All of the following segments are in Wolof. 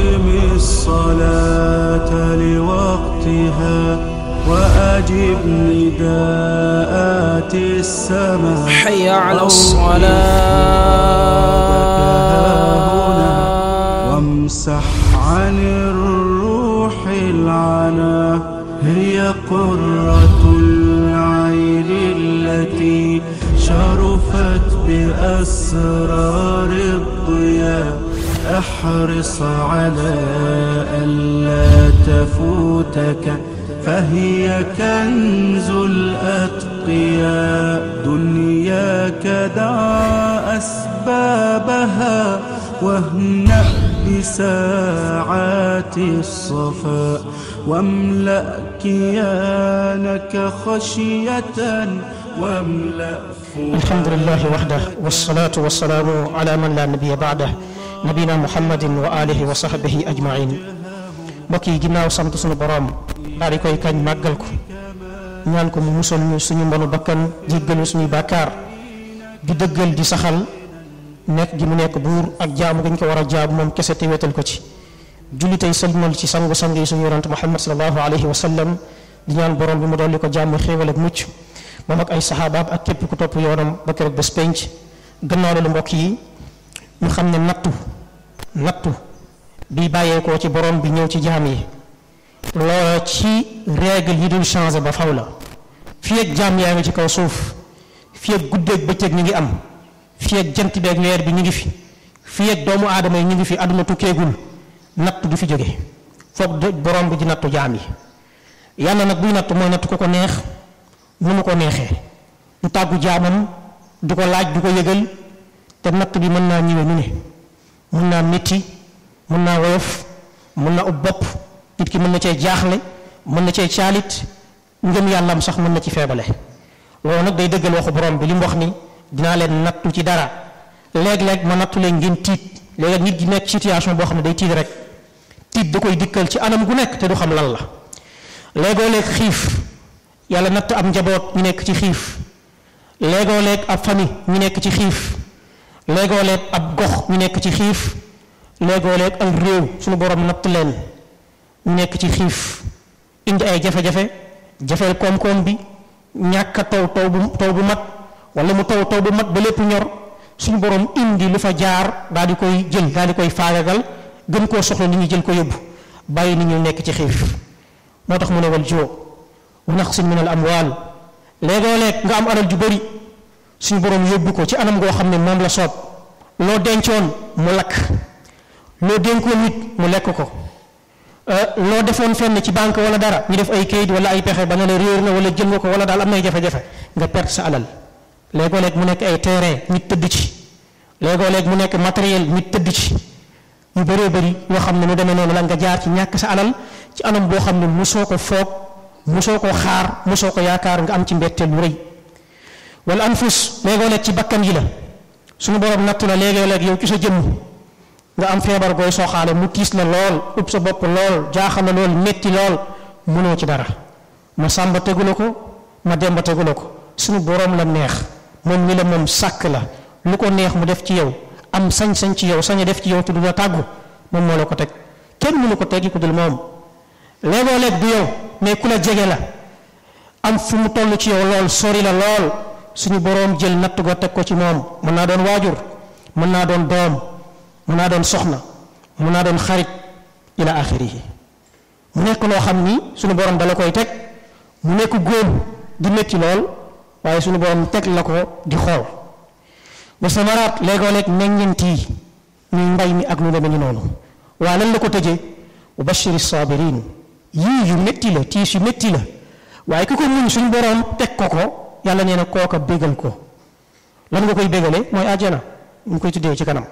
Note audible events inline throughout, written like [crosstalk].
أقم الصلاة لوقتها وأجب نداءات السماء حي على الصلاة وامسح عن الروح العنا هي قرة العين التي شرفت بأسرار الضياء احرص على ألا تفوتك فهي كنز الأتقياء دنياك دع أسبابها واهنأ بساعات الصفاء واملأ كيانك خشية واملأ الحمد لله وحده والصلاة والسلام على من لا نبي بعده nabina muhammadin wa alihi wa sahbihi ajmain mbokk yi ginnaaw sant suñu boroom daal di koy kañ màggal ko ñaan ko mu musal ñu suñu mbonu bakkan jéggalu suñuy bàkkaar di dëggal di saxal nekk gi mu nekk buur ak jaamu gi ko war a moom kese te wetal ko ci jullitay sëlmal ci sangu sang yi suñu yonante muhammad salallahu alayhi wa sallam di ñaan borom bi mu dolli ko jàmm xéewal ak mucc moom ak ay saxaabaam ak képp ku topp yoonam ba keroog ba penc gannaaw mbokk yi ñu xam ne nattu nattu bi bàyyeekoo ci borom bi ñëw ci jaam yi loola ci règle yi dul changé ba faw la fii ak jaam yaa ngi ci kaw suuf fii ak bëccëg ñu ngi am fii jant beeg weer bi ñu ngi fi fii ak doomu aadama yi ñu ngi fi àdduna tukkeegul natt du fi jóge foog borom bi di nattu jaam yi yàlla nag buy natt mooy natt ku ko neex nu mu ko neexee du tàggu jaamam du ko laaj du ko yëgal te natt bi mën naa ñëwee nu ne mën naa métti mën naa woyof mën na ub bopp nit ki mën na cee jaaxle mën na cee caalit ngëm am sax mën na ci feebale loolu nag day dëggal waxu borom bi li mu wax ni dinaa leen nattu ci dara léeg-léeg ma nattu leen ngeen tiit léeg-léeg nit gi nekk situation boo xam ne day tiit rek tiit da koy dikkal ci anam gu nekk te du xam lan la léegoo léeg xiif yàlla natt am njaboot ñu nekk ci xiif léegoo léeg ab famille ñu nekk ci xiif léegoo leeg ab gox ñu nekk ci xiif léegoo leeg ak réew suñu borom natt leen ñu nekk ci xiif indi ay jafe-jafe jafeel koom-koom bi ñàkk a taw taw bu taw bu mat wala mu taw taw bu mat ba lépp ñor suñu borom indi lu fa jaar daal di koy jël daal di koy faagagal gën koo soxla ni ñu jël ko yóbbu bàyyi ni ñu nekk ci xiif moo tax mu ne wal joo wa naqsin min al amwaal léegoo nga am alal ju bëri suñu borom yóbbu ko ci anam goo xam ne moom la soob loo dencoon mu lakk loo dénkoon nit mu lekk ko euh, loo defoon fenn ci banque wala dara ñu def ay kayit wala ay pexe ba nga ne réer na wala jël nga ko wala daal am nay jafe-jafe nga perte sa alal léegoo-léeg mu nekk ay terrain nit tëdd ci léegoo-léeg mu nekk matériel nit tëdd ci yu bëree bëri yoo xam ne mu demee noonu la nga jaar ci ñàkk sa alal ci anam boo xam ne musoo ko foog musoo ko xaar musoo ko yaakaar nga am ci mbetteel lu rëy wal anfus léegoo leeg ci bakkan yi la suñu borom natt la léegoo leeg yow ci sa jëmm nga am feebar gooy soxaale mu tiis la lool ub sa bopp lool jaaxal la lool metti lool mënoo ci dara ma sàmba tegu la ko ma demba tegu la ko suñu borom la neex moom mi la moom sàkk la lu ko neex mu def ci yow am sañ-sañ ci yow sañ a def ci yow te du la tàggu moom moo la ko teg kenn mu mënu ko tegi ko dul moom léegoo leeg du yow mais ku la jege la am fu mu toll ci yow sori la lool suñu boroom jël natt go teg ko ci moom mën naa doon waajur mën naa doon doom mën naa doon soxna mun naa doon xarit ila axirihi mu nekk loo xam ni suñu boroom dala koy teg mu nekk góom di métti lool waaye suñu boroom teg la ko di xool ba samaraat léegoo leeg meññent yi ñuy mi ak lu noonu waa lan ko tëjee wa bashiri saabiriin yii yu métti la tiis yu métti la waaye ku ko muñ suñu boroom teg ko ko yàlla nee na kooka bégal ko lan nga koy bégalee mooy àjjana ñu koy tuddee ci kanam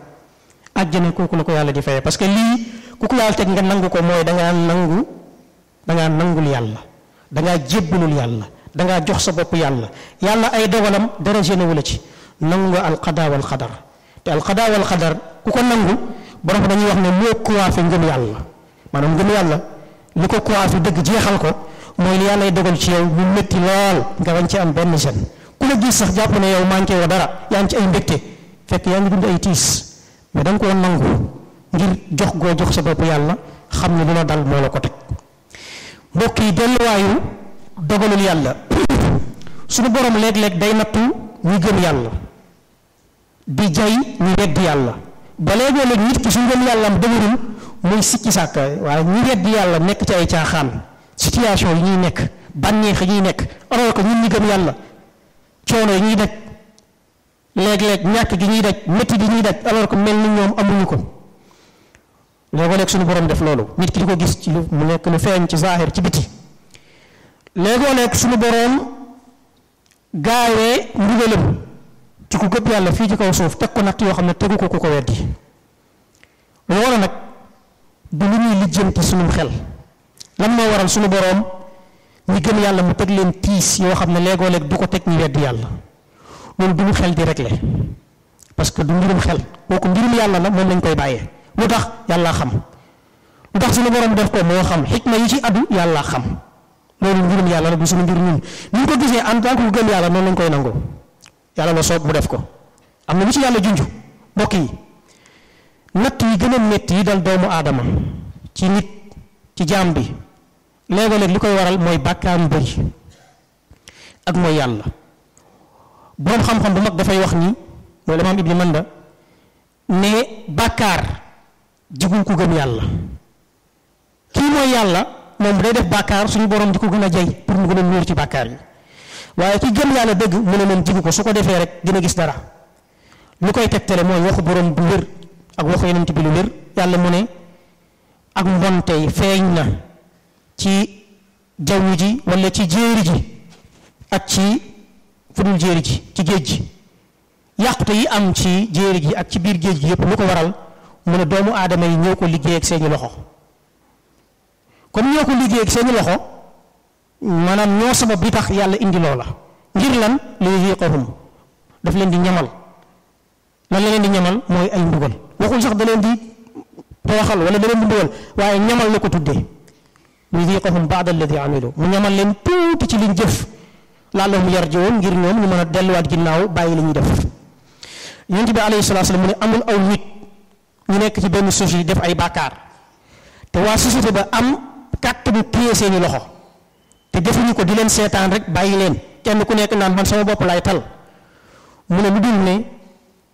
àjjana kooku la ko yàlla di fayee parce que lii ku ko yàlla teg nga nangu ko mooy dangaa nangu dangaa nangul yàlla dangaa jébbalul yàlla dangaa jox sa bopp yàlla yàlla ay dogalam dara génnewu la ci nangu nga alqadaa wal qadar te alqadaa wal qadar ku ko nangu borom dañuy wax ne moo kuwaafi ngëm yàlla maanaam ngëm yàlla li ko kuwaafi dëgg jeexal ko. mooy li yàlla dogal ci yow mu métti lool nga bañ ci am benn gêne ku la gis sax jàpp na yow manqué woo dara yaa ngi ci ay mbégte fekk yaa ngi dund ay tiis mais da nga koo nangu ngir jox goo jox sa bopp yàlla xam ne lu la dal moo la ko teg mbokk yi dogalul yàlla [coughs] suñu borom léeg-léeg day nattu ñi gëm yàlla di jay ñu weddi yàlla ba léegoo léeg nit ki su ngëm yàlla am muy sikki sàkk waaye ñi weddi yàlla nekk ci ay caaxaan situation yi ñuy nekk bànneex yi ñuy nekk alors ko ñun ñi gëm yàlla coono yi ñuy daj léeg-léeg ñàkk gi ñuy daj métti gi ñuy daj alors que mel ni ñoom amuñu ko léegoo-léeg suñu borom def loolu nit ki di ko gis ci lu mu nekk lu feeñ ci zaahir ci biti léegoo-léeg suñu borom gaawee mbugalam ci ku gëm yàlla fii ci kaw suuf teg ko natt yoo xam ne tegu ko ku ko weddi loolu nag du lu ñuy lijjanti suñu xel lan moo waral suñu boroom ñi gëm yàlla mu teg leen tiis yoo xam ne léegoo léeg du ko teg ñi weddi yàlla loolu du mu xel di régler parce que du mbirum xel kooku mbirum yàlla la moom lañ koy bàyyee lu tax yàlla xam lu tax suñu boroom def ko moo xam xikma yi ci addu yàlla xam loolu mbirum yàlla la du suñu mbir ñun ni ñu ko gisee yàlla noonu lañ koy nangoo yàlla la soog mu def ko am na lu ci yàlla junj mbokk yi natt yi gën a métti yi dal doomu aadama ci nit ci jaam bi léegi léeg li koy waral mooy bàkkaar yu bëri ak mooy yàlla boroom xam-xam bu mag dafay wax ni mooy la maam ibni manda ne bàkkaar jigul ku yàlla kii mooy yàlla moom day suñu borom di ko gën a jay pour mu gën a nuur ci bàkkaar yi waaye ki gëm yàlla dëgg mu ne moom jigu ko su ko defee rek gën a gis dara lu koy tegtale mooy waxu borom bu wér ak waxu yonent bi lu wér yàlla mu ne ak mbonte feeñ na ci jaww ji wala ci jéeri ji ak ci fudul jéeri ji ci géej ji yàqute yi am ci jéeri ji ak ci biir géej gi yépp lu ko waral mu ne doomu aadama yi ñoo ko liggéey ak seeni loxo kon ñoo ko liggéey ak seeni loxo maanaam ñoo sabab bi tax yàlla indi loola ngir lan li yuqahum daf leen di ñamal lan la leen di ñamal mooy ay mbugal waxul sax da leen di tooxal wala da di mbugal waaye ñamal la ko tuddee yudiqahum baada alladi amilu mu ñamal leen tuuti ci liñ jëf laallahum yarjiun ngir ñoom ñu mën a delluwaat ginnaaw bàyyi li ñuy def yonent bi alayhi salaatu salaam mu ne amul aw nit ñu nekk ci benn société def ay bàkkaar te waa société ba am kàttanu téye seeni loxo te defuñu ko di leen seetaan rek bàyyi leen kenn ku nekk naan man sama bopp laay tal mu ne lu dul ne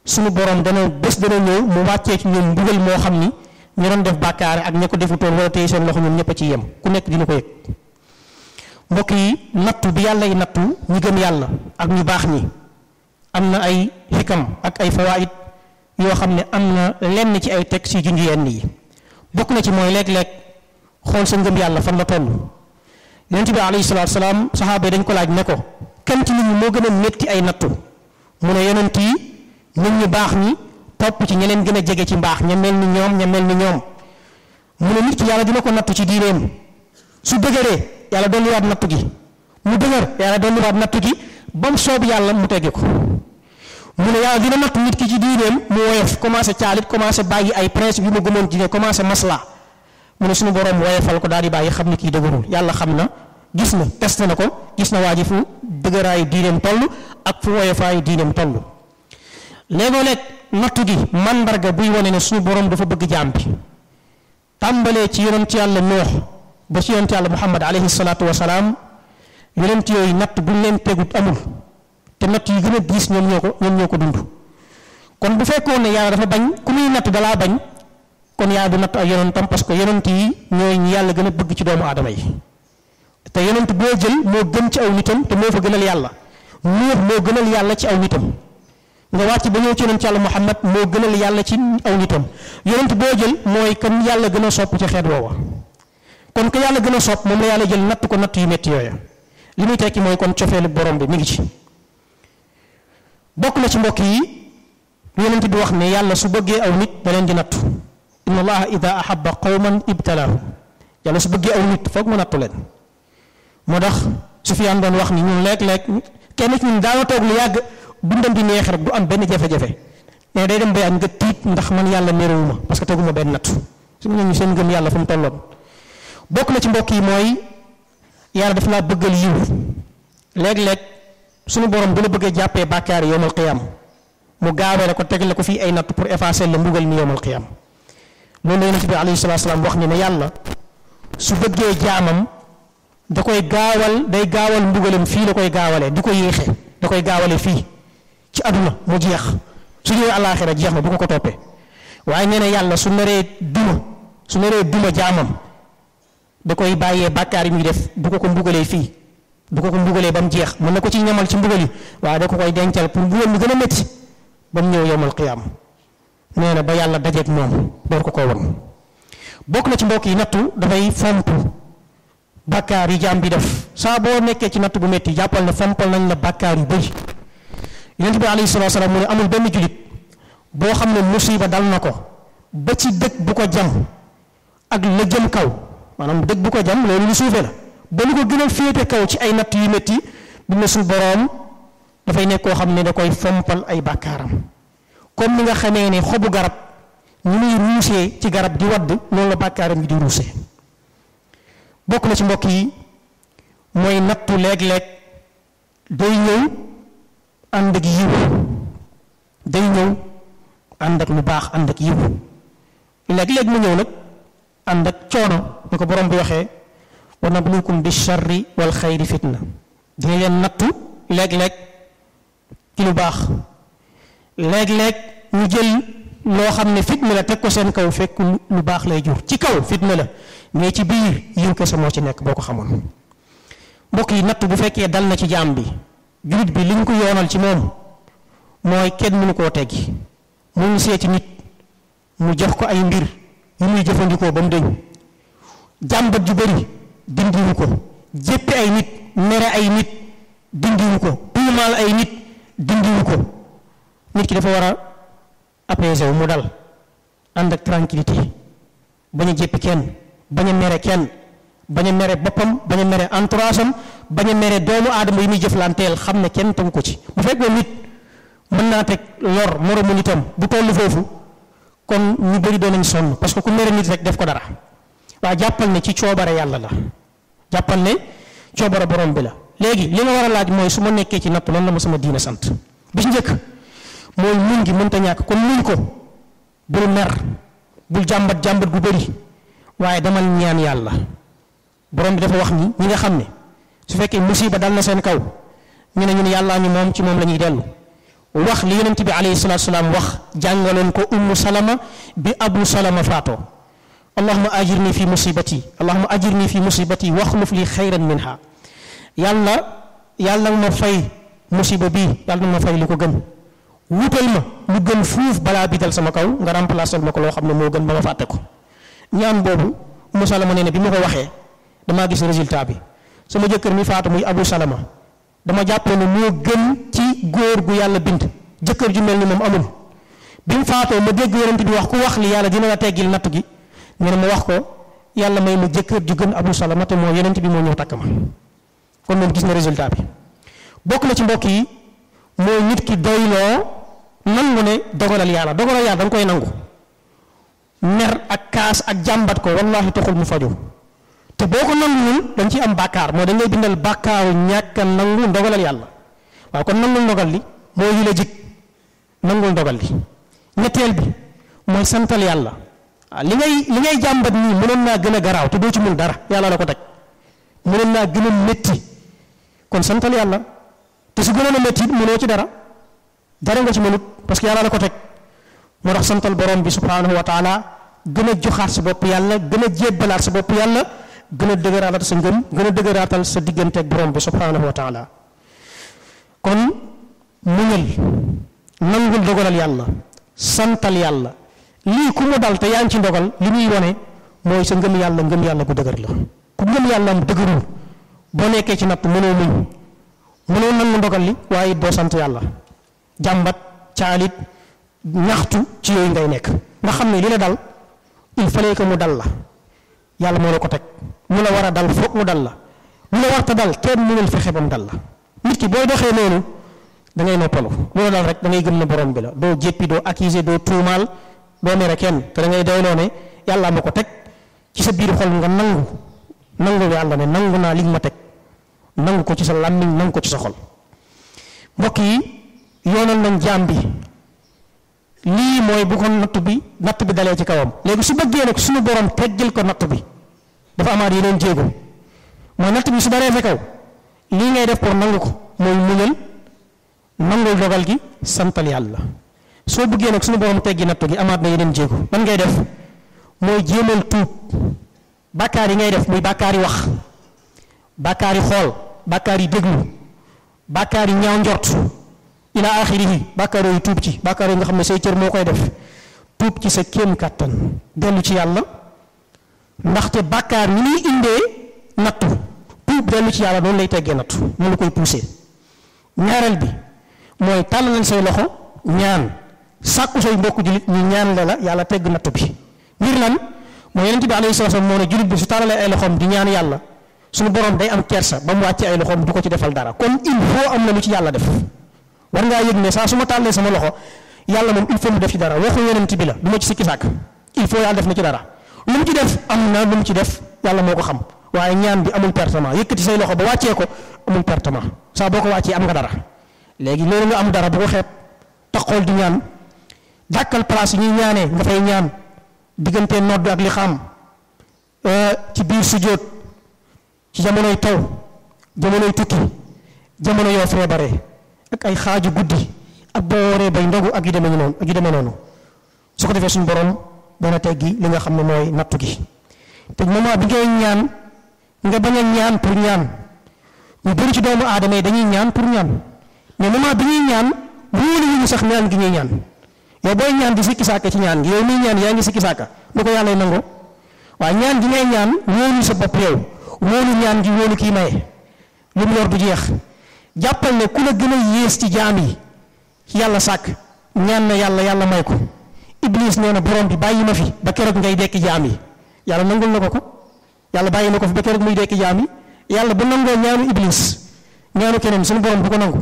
suñu borom dana bés dana ñëw mu wàccee ci ñoom mbugal moo xam ni. ñi doon def bàkkaare ak ña ko defutoon wala tey seen loxo ñun ñëpp a ci yem ku nekk dina ko yëg mbokk yi nattu bi yàlla yi nattu ñi gëm yàlla ak ñu baax ñi am na ay xikam ak ay fawaid yoo xam ne am na lenn ci ay teg si junj yenn yi bokk na ci mooy léeg-léeg xool sa ngëm yàlla fan la toll yonent bi alayhi salaatu salaam saxaaba dañ ko laaj ne ko kenn ci nit ñi moo gën a métti ay nattu mu ne yonent yi nit ñu baax ñi topp ci ña leen gën a jege ci mbaax ña mel ni ñoom ña mel ni ñoom mu ne nit ki yàlla dina ko nattu ci diineem su dëgëree yàlla dolliwaat nattu gi mu dëgër yàlla dolliwaat nattu gi ba mu yàlla mu tegge ko mu ne yàlla dina nattu nit ki ci diineem mu woyof commencé caalit commencé bàyyi ay prince yu mu gëmoon diine commencé masla mu ne suñu borom woyofal ko daal di bàyyi xam ni kii dëgërul yàlla xam na gis na test na ko gis na waa ji fu dëgëraayu diineem toll ak fu woyofaayu diineem toll. léegoo-leeg natt gi mandarga buy wane ne suñu borom dafa bëgg jaam bi tàmbalee ci yonent yàlla noox ba ci yonent yàlla muhammad alayhi salaatu wasalaam yonent yooyu natt buñ leen tegut amul te natt yu gën a diis ñoo ko ñoom ñoo ko dund kon bu fekkoon ne yàlla dafa bañ ku muy natt dalaa bañ kon yàlla du natt ak yonentam parce que yonent yi ñooy ñi yàlla gën a bëgg ci doomu aadama yi te yonent boo jël moo gën ci aw nitam te moo fa gënal yàlla nuux moo gënal yàlla ci aw nitam nga wàcc ba ñëw ci yonent yàlla Muhammad moo gënal yàlla ci aw nitam yonent boo jël mooy kan yàlla gën a sopp ca xeet woowa kon que yàlla gën a sopp moom la yàlla jël natt ko natt yu métti yooya li muy tekki mooy kon cofeelu borom bi mu ngi ci bokk na ci mbokk yi yonent bi wax ne yàlla su bëggee aw nit da leen di nattu inna allaha ida ahabba qawman ibtalahu yàlla su bëggee aw nit foog mu nattu leen moo tax Sufyaan doon wax ni ñun léeg-léeg kenn ci ñun daana toog dundam di neex rek du am benn jafe-jafe mais day dem bay am nga tiit ndax man yàlla méréwu ma parce que benn nattu su ñu ñu seen gëm yàlla fu mu tolloon bokk na ci mbokk yi mooy yàlla daf laa bëggal yiw léeg-léeg suñu borom bu la bëggee jàppee bàkkaar yowmal qiyaam mu gaawee ko teg la ko fii ay natt pour effacer la mbugal mi yowmal qiyaam loolu la yonent bi alayhi salaatu salaam wax ni ne yàlla su bëggee jaamam da koy gaawal day gaawal mbugalam fii la koy gaawalee di ko yéexee da koy gaawalee fii ci aduna mu jeex su ñëwee àllaaxira jeex na bu ko ko toppee waaye nee na yàlla su naree duma su naree duma jaamam da koy bàyyee bàkkaar yi muy def bu ko ko mbugalee fii bu ko ko mbugalee ba mu jeex mën na ko ci ñamal ci mbugal yi waaye da ko koy dencal pour mbugal mu gën a métti ba mu ñëw yowmal qiyaam nee na ba yàlla dajeeg moom door ko koo won bokk na ci mbokk yi nattu dafay fomp bàkkaar yi jaam bi def saa boo nekkee ci natt bu métti jàppal ne fompal nañ la bàkkaar yu bëri yonent bi alayhi salaatu salaam mu ne amul benn julit boo xam ne musiba dal na ko ba ci dëkk bu ko jam ak la jëm kaw maanaam dëgg bu ko jam loolu lu suufee la ba lu ko gën a féete kaw ci ay natt yu métti bi ne su boroom dafay nekk koo xam ne da koy fompal ay bàkkaaram comme ni nga xamee ne xobu garab ñu muy ruusee ci garab di wadd noonu la bàkkaaram yi di ruusee bokk na ci mbokk yi mooy nattu léeg-léeg day ñëw ànd ak yiw day ñëw ànd ak lu baax ànd ak yiw léeg-léeg mu ñëw nag ànd ak coono ñu ko borom bi waxee wa nabluukum bi sharri wal xayri fitna dina leen nattu léeg-léeg ci lu baax léeg-léeg ñu jël loo xam ne fitna la teg ko seen kaw fekk lu baax lay jur ci kaw fitna la mais ci biir yiw kese moo ci nekk boo ko xamoon mbokk yi natt bu fekkee dal na ci jaam bi jullit bi liñ ko yoonal ci moom mooy kenn mënu koo teggi mu seeti nit mu jox ko ay mbir yu muy jëfandikoo ba mu deñ jàmbat ju bari dindiwu ko jéppi ay nit mere ay nit dindiwu ko tuumaal ay nit dindiwu ko nit ki dafa war a apaiser wu mu dal ànd ak tranquillité bañ a jéppi kenn bañ a mere kenn bañ a mere boppam bañ a mere entourage am bañ a mere doomu aadama yi muy jëflanteel xam ne kenn tegu ko ci bu fekkee nit mën naa teg lor moromu nitam bu toll foofu kon ñu bëri doon nañ sonn parce que ku mere nit rek def ko dara waaye jàppal ne ci coobare yàlla la jàppal ne coobare borom bi la. léegi li nga war a laaj mooy su ma nekkee ci natt lan la ma sama diina sant bi njëkk mooy muñ gi mënta ñàkk kon muñ ko bul mer bul jàmbat jàmbat gu bëri waaye damal ñaan yàlla. borom bi dafa wax ni ñi nga xam ne su fekkee musiba dal na seen kaw ñu ne ñun yàllaa ñu moom ci moom la ñuy dellu wax li yonent bi alayhi salaatu salaam wax jàngaloon ko ummu salama bi abu salama faatoo allahuma ajirni fi musibati allahuma ajirni fi musibati waxluf li xayran minha yàlla yàlla ma fay musiba bii yàlla ma fay li ko gën wutal ma lu gën fuuf balaa bi dal sama kaw nga remplacer ma ko loo xam ne moo gën ba ma fàtte ko ñaan boobu ummu salama nee na bi ma ko waxee damaa gis résultat bi sama jëkkër mi faatu muy Abu Salama dama jàppoon ne moo gën ci góor gu yàlla bind jëkkër ju mel ni moom amul bi mu faatoo ma dégg yonent bi wax ku wax li yàlla dina la teggil natt gi nee na ma wax ko yàlla may ma jëkkër ju gën Abu Salama te moo yonent bi moo ñëw takk ma kon moom gis na résultat bi bokk na ci mbokk yi mooy nit ki doyloo nangu ne dogalal yàlla dogalal yàlla da koy nangu mer ak kaas ak jàmbat ko wallahi taxul mu faju te boo ko nanguwul dañ ci am bàkkaar moo dañ lay bindal bàkkaaru ñàkk a nangu ndogalal yàlla waaw kon nangul ndogal li moo yi la jig nangul ndogal li ñetteel bi mooy santal yàlla ah, li ngay li ngay jàmbat nii mënoon naa gën a garaaw te doo ci mun dara yàlla la ko teg mënoon naa gën a kon santal yàlla te su gënoon a métti it mënoo ci dara dara nga ci mënut parce que yàlla la ko teg moo tax santal borom bi subhanahu wa taala gën a joxaat sa bopp yàlla gën a jébbalaat sa bopp yàlla gën a dëgëraatal sa ngëm gën a dëgëraatal sa diggante ak borom bi subhaanahu wa taala kon muñal nangul dogalal yàlla santal yàlla lii ku mu dal te yaa ngi ci ndogal li muy wone mooy sa ngëm yàlla ngëm yàlla gu dëgër la ku ngëm yàlla am dëgërul boo nekkee ci natt mënoo muñ mënoo nangu ndogal li waaye it doo sant yàlla jàmbat caalit ñaxtu ci yooyu ngay nekk nga xam ne li la dal il fallait que mu dal la yàlla moo la ko teg mu la war a dal foog mu dal la mu la warta dal kenn mënul fexe ba mu dal la nit ki booy doxee noonu da ngay noppalu mu la dal rek da ngay gëm na borom bi la doo jéppi doo accuser doo tuumaal doo mere kenn te da ngay doyloo ne yàlla ma ko teg ci sa biir xol nga nangu nangu yàlla ne nangu naa liñ ma teg nangu ko ci sa làmmiñ nangu ko ci sa xol mbokk yi yoonal nañ jaam bi lii mooy bu ko natt bi natt bi dalee ci kawam léegi su bëggee nag suñu borom teggil ko natt bi dafa amaat yeneen jéego mooy natt bi su daree sa kaw lii ngay def pour nangu ko mooy muñal nangul dogal gi santal yàlla soo bëggee nag suñu borom teggi natt gi amaat na yeneen jéego lan ngay def mooy jéemal tuub bàkkaar yi ngay def muy bàkkaar wax bàkkaar yi xool bàkkaar yi déglu bàkkaar yi ñaaw njort ila axirihi bàkkaar yooyu tuub ci bàkkaar nga xam ne say cër moo koy def tuub ci sa kéem kàttan dellu ci yàlla ndaxte bàkkaar ni muy indee nattu tuub dellu ci yàlla noonu lay teggee nattu mu la koy poussé ñaareel bi mooy tàllal say loxo ñaan sàkku say mbokk jullit ñu ñaan la la yàlla tegg nattu bi ngir lan mooy yonent bi alayhi salaam moo ne jullit bi su tàllalee ay loxoom di ñaan yàlla suñu borom day am kersa ba mu wàcce ay loxoom ko ci defal dara kon na lu ci yàlla def war ngaa yëg ne saa su ma tàllee sama loxo yàlla moom il faut mu def ci dara waxu yonent bi la du ma ci sikki sàkk il faut yàlla def na ci dara lu mu ci def am na lu mu ci def yàlla moo ko xam waaye ñaan bi amul pertement yëkkati say loxo ba wàccee ko amul pertement saa boo ko wàccee am nga dara léegi loolu nga am dara bu ko xeeb taxool di ñaan dàkkal place yi ñuy ñaanee nga fay ñaan diggante nodd ak li xam euh, ci biir sujjóot ci jamonoy taw jamonoy tukki jamono ak ay xaaju guddi ak boo waree bay ndogu ak yu demee noonu ak yu demee noonu su ko defee suñu borom dana teggi li nga xam ne mooy nattu gi te moment bi ngay ñaan nga bañ a ñaan pour ñaan ñu yi dañuy ñaan pour ñaan mais moment bi ñuy ñaan wóolu ñu sax ñaan gi ñuy ñaan yow booy ñaan di sikki saaka ci ñaan yow muy ñaan yaa ngi sikki saaka lu ko yàlla nango waaye ñaan gi ngay ñaan wóolu sa bopp yow wóolu ñaan gi wóolu kii maye lu mu yor du jeex. jàppal ne ku la gën a yées ci jaam yi yàlla sàkk ñaan na yàlla yàlla may ko iblis nee na borom bi bàyyi ma fi ba keroog ngay dekki jaam yi yàlla nangul na ko ko yàlla bàyyi na ko fi ba keroog muy dekki jaam yi yàlla bu nangoo ñaanu iblis ñaanu keneen suñu borom bu ko nangu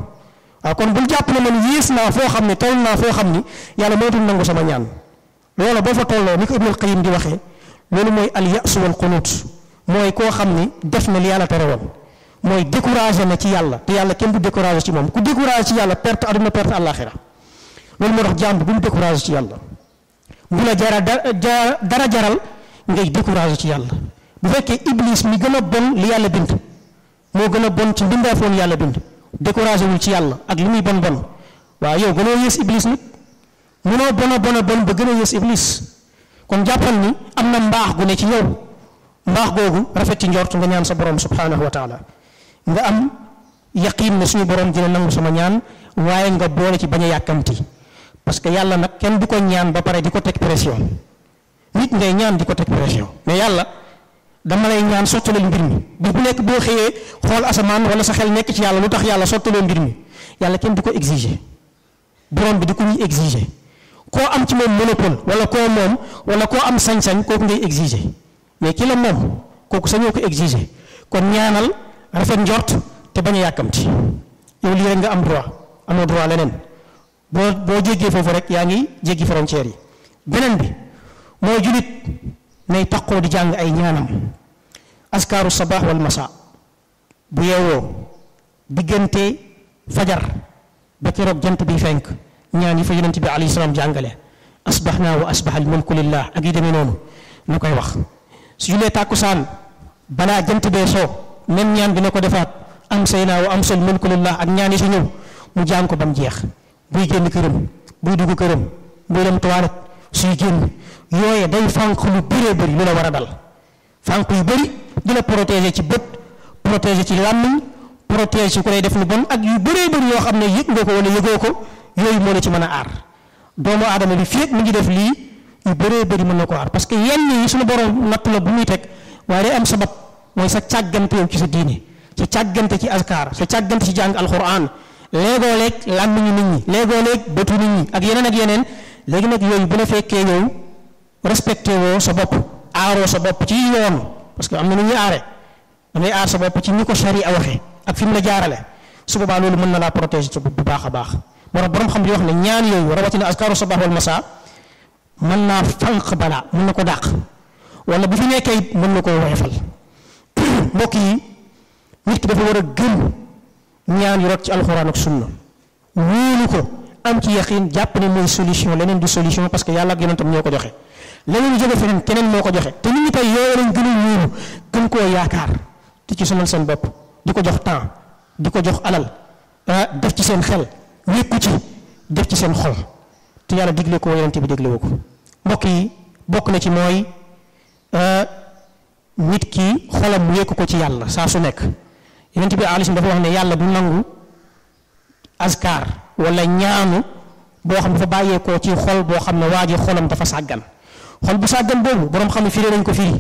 waaw kon bul jàpp ne man yées naa foo xam ne toll naa foo xam ni yàlla mootul nangu sama ñaan loola boo fa tolloo ni ko Ibnul Qayyim di waxee loolu mooy al ya'su wal qunuut mooy koo xam ni def na li yàlla tere woon mooy découragé na ci yàlla te yàlla kenn du découragé ci moom ku découragé ci yàlla perte aduna perte àllaaxira loolu moo tax jàmm bu mu découragé ci yàlla bu la jara dara jaral ngay découragé ci yàlla bu fekkee iblis mi gën a bon li yàlla bind moo gën a bon ci mbindeefoon yàlla bind découragé wul ci yàlla ak li muy bon bon waa yow gënoo yées iblis nit mënoo bon a bon a bon ba gën a yées iblis kon jàppal ni am na mbaax gu ne ci yow mbaax googu rafet ci njort nga ñaan sa borom subhanahu wa nga am yaqiin ne suñu borom dina nangu sama ñaan waaye nga boole ci bañ a yàkkamti parce que yàlla nag kenn du ko ñaan ba pare di ko teg pression nit ngay ñaan di ko teg pression mais yàlla dama lay ñaan sottaleel mbir mi bu nekk boo xëyee xool asamaan wala sa xel nekk ci yàlla lu tax yàlla sottaloo mbir mi yàlla kenn du ko exiger borom bi di ko ñuy exiger koo am ci moom monopole wala koo moom wala koo am sañ-sañ kooku ngay exiger mais ki la kooku sañoo ko kon ñaanal. rafet njort te bañ yàkkamti yow lii rek nga am droit amoo droit leneen boo boo jéggee foofu rek yaa ngi jéggi frontière yi beneen bi mooy julit nay taqoo di jàng ay ñaanam askaaru sabaax wal masa bu yeewoo diggante fajar ba keroog jant bi fenk ñaan yi fa yonent bi alayhi salaam jàngale asbaxnaa wa asbax al mulku lillah ak yi demee noonu na koy wax su julee tàkkusaan balaa jant bee soo même ñaan bi na ko defaat am say naa wa am sol mulku lillah ak ñaan yi si ñëw mu jàng ko ba mu jeex buy génn këram buy dugg këram buy dem toilette suy génn yooye day fànq lu bëree bëri lu la war a dal fànq yu bëri la protéger ci bët protéger ci làmmiñ protéger yu bëree bëri yoo xam ne yëg nga ko wala yëgoo ko yooyu moo la ci mën a aar doomu aadama bi fii mu ngi def lii yu bëree bëri mën na ko aar parce que yenn yi suñu borom natt la bu muy teg waaye day am sabab. mooy sa càggante yow ci sa diine sa càggante ci askar sa càggante ci jàng alquran léegoo leeg làmmiñu nit ñi léegoo leeg bëtu nit ñi ak yeneen ak yeneen léegi nag yooyu bu la fekkee yow respecté woo sa bopp aaroo sa bopp ci yoon parce que am na nu ñuy aare damay aar sa bopp ci ni ko sharia waxee ak fi mu la jaarale su boobaa loolu mën na laa protéger sa bopp bu baax a baax moo tax xam di wax ne ñaan yooyu rawatina askaru sabah wal masa mën naa fànq balaa mën na ko dàq wala bu fi nekkee mën na koo woyofal mbokk yi nit ki dafa war a gëm ñaan yu rot ci alxuraan ak sunna wóolu ko am ci yaqin jàpp ne mooy solution leneen du solution parce que yàlla ak yonentam ñoo ko joxe leneen jóge feneen keneen moo ko joxe te nit ñi tey yooyu lañ gën a wóolu gën koo yaakaar di ci sonal seen bopp di ko jox temps di ko jox alal ah, def ci seen xel wékku ci def ci seen xol te yàlla digle ko yonent bi digle woo ko mbokk yi bokk na ci mooy ah, nit ki xolam mu yëkk ko ci yàlla saa su nekk yonent bi alayhi dafa wax ne yàlla du nangu askar wala ñaanu boo xam dafa bàyyeekoo ci xol boo xam ne waa ji xolam dafa sàggan xol bu sàggan boobu boroom xam ne firi nañ ko firi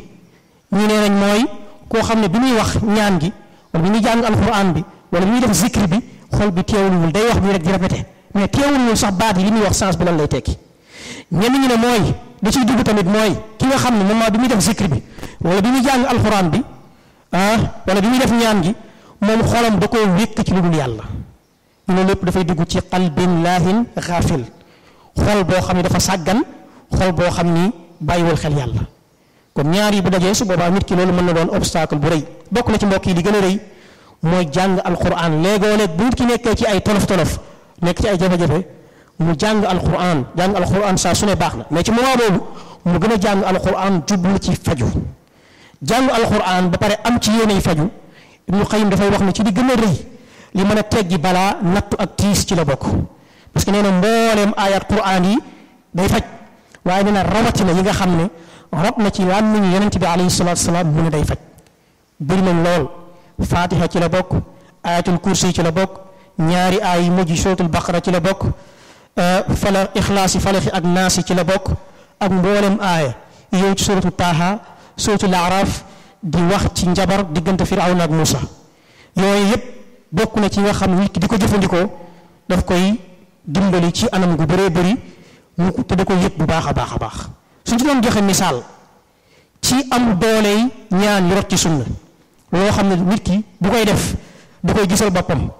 ñu nee nañ mooy koo xam ne bi muy wax ñaan gi wala bi muy jàng alxuraan bi wala bi muy def zikri bi xol bi teewluwul day wax bi rek di répété mais teewluwul sax baat yi li muy wax sens bi lan lay tekki ñenn ñi ne mooy da ciy dugg tamit mooy ki nga xam ne moment bi muy def zikr bi wala bi muy jàng alxuraan bi ah wala bi muy def ñaan gi moom xolam da koo wékk ci lu dul yàlla loolu lépp dafay dugg ci qalbin laahin xaafil xol boo xam ne dafa sàggan xol boo xam ni bàyyiwul xel yàlla kon ñaar yi bu dajee su boobaa nit ki loolu mën na doon obstacle bu rëy bokk na ci mbokk yi li gën a rëy mooy jàng alxuraan léegoo léeg bu nit ki nekkee ci ay tolof tolof nekk ci ay jafe-jafe. mu jàng alquran jàng alquran saa su ne baax na mais ci moment boobu mu gën a jàng alquran jublu ci faju jàng alquran ba pare am ci yéeney faju Ibnu Qayyim dafay wax ne ci di gën a mën a teggi balaa nattu ak tiis ci la bokk parce que nee na mbooleem ayat quran yi day faj waaye nee na rawatina yi nga xam ne rob na ci làmmiñu yonent bi alayhi salaatu salaam mu ne day faj bëri nañ lool fatiha ci la bokk ayatul kursi ci la bokk ñaari aay mujj suratul baqara ci la bokk Euh, fala ixlaas yi falaxi ak naas ci la bokk ak mboolem aaya yow ci suratu taaha suratu laaraaf di wax ci njabar diggante firawna ak Muusa yooyu yépp bokk na ci nga xam nit ki di ko jëfandikoo daf koy dimbali ci anam gu bëree bëri te da ko yëpp baax a baax a baax suñ ci doon joxe misaal ci am dooley ñaan yu ci sunna loo xam ne nit ki bu koy def da koy gisal boppam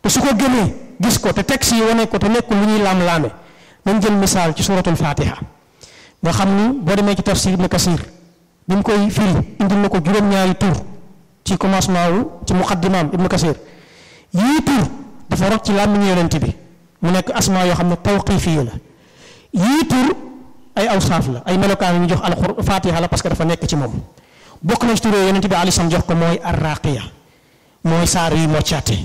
te su ko gëmee gis ko te texte yi wane ko te nekkul lu ñuy laam-laame nañ jël misaal ci suratul fatiha nga xam ni boo demee ci tafsir ibn kasir bi mu koy firi indil na ko juróom-ñaari tur ci commencement wu ci muqaddimaam ibn kasir yii tur dafa rot ci làmmiñu yonent bi mu nekk asmaa yoo xam ne tawqifi la ay awsaaf la ay melokaan yu ñu jox alxur fatiha la parce que dafa nekk ci moom bokk na ci tur yonent bi alayhi salaam jox ko mooy arraqiya mooy saar yi moccaate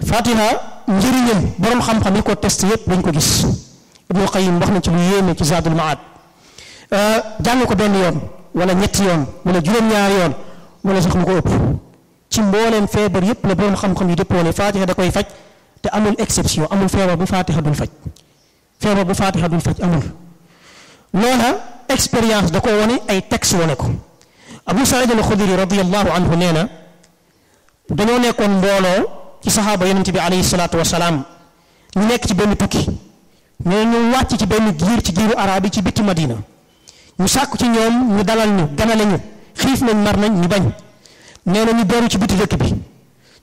fatiha njëriñam borom xam-xam yi ko test yépp dañ ko gis Ibnu Qayyim wax na ci lu yéeme ci Zaadul Maad euh, jàng ko benn yoon wala ñetti yoon wala juróom ñaar yoon wala sax lu ko ëpp ci mbooleem feebar yépp la borom xam-xam yi dëppoo ne fatiha da koy faj te amul exception amul feebar bu fatiha dul faj feebar bu fatiha dul faj amul loola expérience da ko wane ay texte wane ko Abu Saïd al-Xudri radiyallahu anhu nee na dañoo nekkoon mbooloo ci saxaaba yonent bi alayhi salaatu wa salaam ñu nekk ci benn tukki ñoo ñu wàcc ci benn giir ci giiru araab yi ci bitti madina ñu sàkku ci ñoom ñu dalal ñu ganale ñu xiif nañ mar nañ ñu bañ nee na ñu dooru ci bitti dëkk bi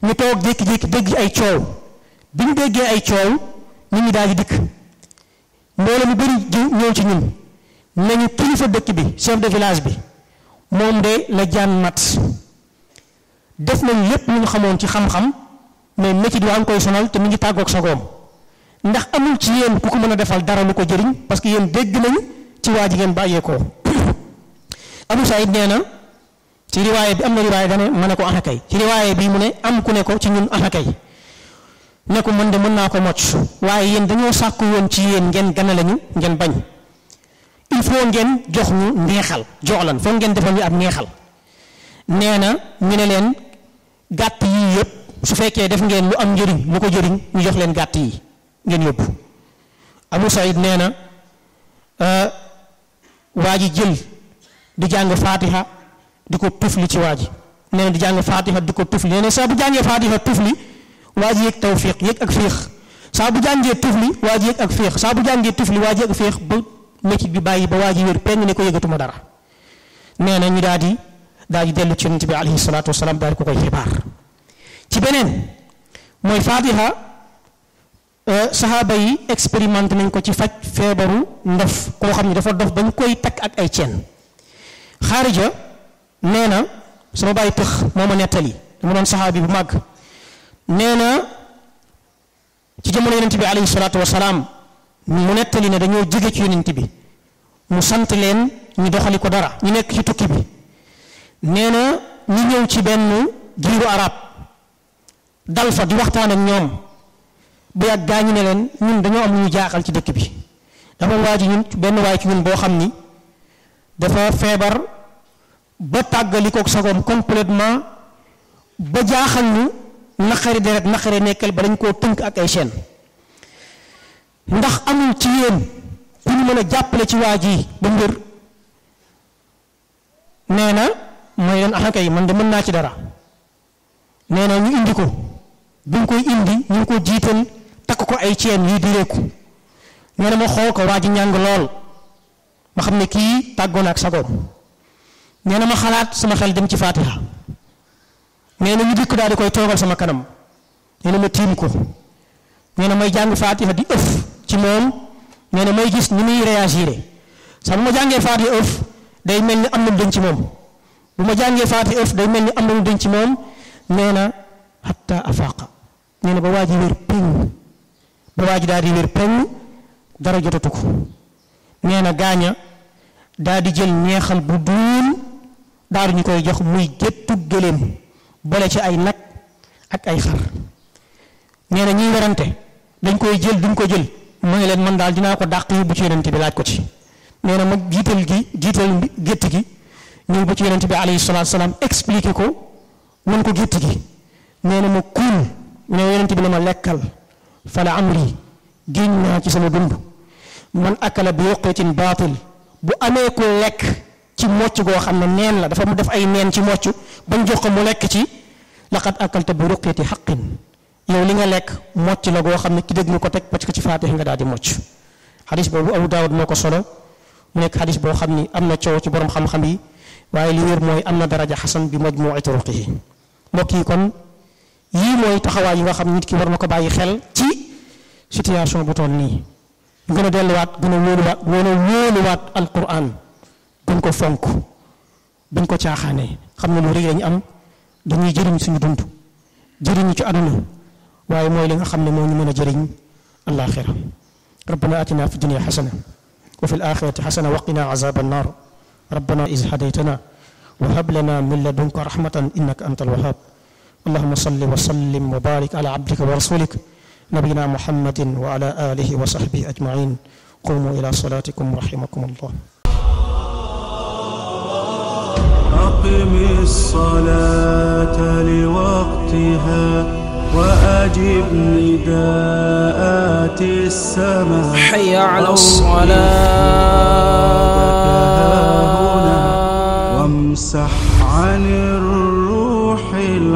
ñu toog jékki-jékki dégg ay coow bi ñu déggee ay coow ñu ngi daal di dikk mbooloo mu bëri ñëw ci ñun nañu kilifa dëkk bi chef de village bi moom de la jaan mat def nañ lépp lu ñu xamoon ci xam-xam mais métti waa ngi koy sonal te mu ngi tàggoog sagoom ndax amul ci yéen ku ko mën a defal dara lu ko jëriñ parce que yéen dégg nañu ci waa ji ngeen bàyyeekoo. [coughs] Abu sa nee na ci riwaaye bi am na riwaaye dane ma ne ko ana kay ci riwaaye bi mu ne am ku ne ko ci ñun ana ne ko mën de mën naa ko mocc waaye yéen dañoo sàkku woon ci yéen ngeen ganale ñu ngeen bañ il faut ngeen jox ñu neexal jox lan foog ngeen defal ñu ab neexal nee na ñu ne leen gàtt yii yëpp. su fekkee def ngeen lu am njëriñ lu ko jëriñ ñu jox leen gàtt yi ngeen yóbbu Abu Saïd nee na euh, waa ji jël di jàng faatiha di ko tufli ci waa ji nee di jàng faatiha di ko tufli nee na saa bu jàngee faatiha waa ji yëg tawfiq yëg ak féex saa bu jàngee tufli waa ji yëg ak féex saa bu jàngee tufli waa ji ak féex ba métit bi bàyyi ba waa ji wér peng ne ko yëgatuma dara nee na ñu daal di daal di dellu ci yonent bi alayhi salaatu wasalaam daal di ko koy xibaar ci beneen mooy faatiha euh, saxaaba yi expérimenté nañ ko ci faj feebaru ndof koo xam ni dafa dof ba ñu koy takk ak ay ceen xaarija nee na sama bàyyi tëx moo ma nettali dama doon saxaabi bu màgg nee na ci jamono yonent bi alayhi salaatu wasalaam mu nettali ne dañoo jóge ci yonent bi mu sant leen ñu doxali ko dara ñu nekk ci tukki bi nee na ñu ñëw ci benn giiru arab dal fa di waxtaan ak ñoom bu yàgg gaa ñu ne leen ñun dañoo am lu ñu jaaxal ci dëkk bi dafa waa ji ñun benn waay ci ñun boo xam ni dafa feebar ba tàggali kook sagoom complètement ba jaaxal ñu naqari deret naqari nekkal ba dañ koo tënk ak ay chaîne ndax amul ci yéen ku ñu mën a jàppale ci waa ji ba mbir nee na mooy leen axakay ah, man de mën naa ci dara nee na ñu indi ko buñ koy indi ñu ngi ko jiital takk ko ay ceen yuy direeku nee na ma xool ko waa ji ñàng lool ma xam ne kii tàggoon ak sagoom nee na ma xalaat sama xel dem ci faatiha nee na ñu dikk daal di koy toogal sama kanam nee na ma tiim ko nee na may jàng faatiha di ci moom na may gis ni muy réagir sax bu ma jàngee faatiha ëf day mel ni am na lu denc ci moom bu ma jàngee faatiha day mel ni am na lu ci moom nee na hatta nee na ba waa ji wér peñ ba waa ji daal di wér peñ dara jotatu ko nee na gaaña daal di jël ñeexal bu duun daal ñu koy jox muy géttu gëléem boole ci ay nag ak ay xar nee na ñuy werante dañ koy jël duñ ko jël mooy leen man daal dinaa ko dàq yóbbu ci yonent bi laaj ko ci nee na mag jiital gi jiital gétt gi ñëw bu ci yonent bi alayhi salaatu salaam expliqué ko mën ko gétt gi nee na ma kuul mu ne yonent bi ne ma lekkal fala amri génn naa ci sama dund man akala bi yuqatin baatil bu amee ku lekk ci mocc goo xam ne neen la dafa mu def ay neen ci mocc bañ jox ko mu lekk ci laqad akalta bi ruqyati xaqin yow li nga lekk mocc la goo xam ne ki déglu ko teg parce que ci faatix nga daal di mocc xadis boobu Abu Daawud moo ko solo mu nekk xadis boo xam ni am na coow ci boroom xam-xam yi waaye li wér mooy am na daraja xasan bi majmuuci turuqihi mbokk yi kon yii mooy taxawaay yi nga xam nit ki war na ko bàyyi xel ci situation bu toll nii ñu gën a delluwaat gën a wóoluwaat gën a wóoluwaat alquran gën ko fonk buñ ko caaxaanee xam ne lu rëy lañu am dañuy jëriñ suñu dund jëriñu ci àdduna waaye mooy li nga xam ne moo ñu mën a jëriñ alaaxira rabbana atina fi dunya xasana wa fi alaaxirati xasana wa qina azaba annar rabbana iz hadaytana wa hab lana min ladunka rahmatan innaka anta alwahab allahuma salli wa sallim wa barik ala abdika wa rasulik nabiyina muhammadin wa ala alihi wa sahbihi ajmain qumu ila salatikum rahimakum allah أقم الصلاة لوقتها وأجب نداءات السماء حي على الصلاة وامسح عن الرحمة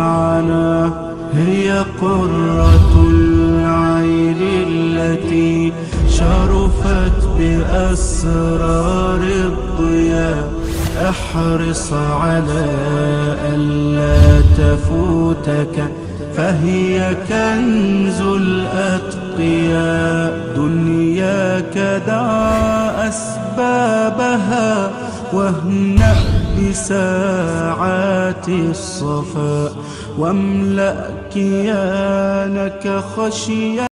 معنا هي قرة العين التي شرفت بأسرار الضياء احرص على ألا تفوتك فهي كنز الأتقياء دنياك دع أسبابها واهنأ بساعات الصفاء واملأ كيانك خشية